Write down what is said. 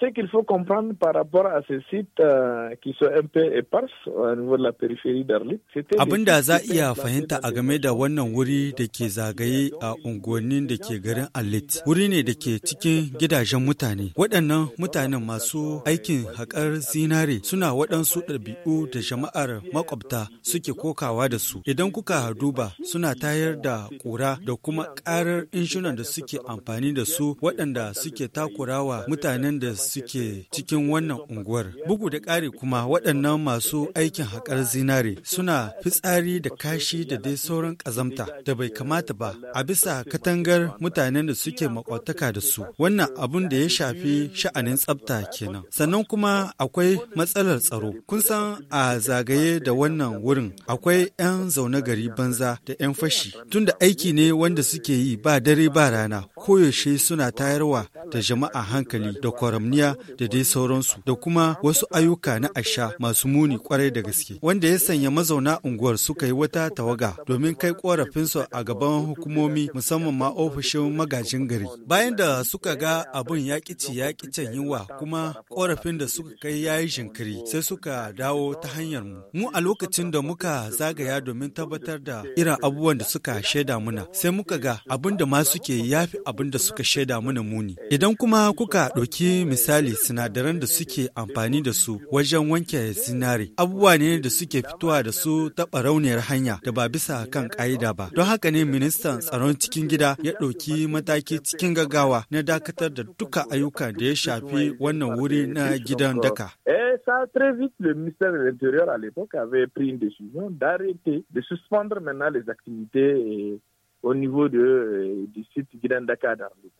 Ce qu'il faut comprendre par rapport à ces sites euh, qui sont un peu épars au niveau de la périphérie d'Arlit, c'était. Abin da za iya fahimta a game da wannan wuri da ke zagaye a unguwannin da ke garin Arlit. Wuri ne da ke cikin gidajen mutane. Waɗannan mutanen masu aikin haƙar zinare suna waɗansu ɗabi'u da jama'ar makwabta suke kokawa da su. Idan kuka duba suna tayar da ƙura da kuma ƙarar inshunan da suke amfani da su waɗanda suke takurawa mutanen da suke cikin wannan unguwar. Bugu da ƙari kuma waɗannan masu aikin haƙar zinare suna fitsari da kashi da dai sauran ƙazamta da bai kamata ba a bisa katangar mutanen da suke makwataka da su. Wannan abun da ya shafi sha'anin tsafta kenan. Sannan kuma akwai matsalar tsaro. Kun san a zagaye da wannan wurin akwai 'yan zaune gari banza da 'yan fashi. Tunda aiki ne wanda suke yi ba dare ba rana koyaushe suna tayarwa da jama'a hankali da kwaramniya da dai sauransu da kuma wasu ayyuka na asha masu muni kwarai da gaske wanda ya sanya mazauna unguwar suka yi wata tawaga domin kai korafinsu a gaban hukumomi musamman ma ofishin magajin gari bayan da suka ga abun ya kici ya kicen yiwa kuma korafin da suka kai ya yi jinkiri sai suka dawo ta hanyar mu mu a lokacin da muka zagaya domin tabbatar da irin abubuwan da suka shaida muna sai muka ga abin da ma suke ya abin da suka shaida mana muni. Idan kuma kuka ɗauki misali sinadaran da suke amfani da su wajen wanke zinare, abubuwa ne da suke fitowa da su ta rauniyar hanya da ba bisa kan ƙa'ida ba. Don haka ne ministan tsaron cikin gida ya ɗauki mataki cikin gaggawa na dakatar da duka ayyuka da ya shafi wannan wuri na gidan daka. Eh, ça, très vite, le ministère de l'Intérieur à l'époque avait pris une décision d'arrêter, de suspendre maintenant les activités au niveau de, euh, du site guinan Dakar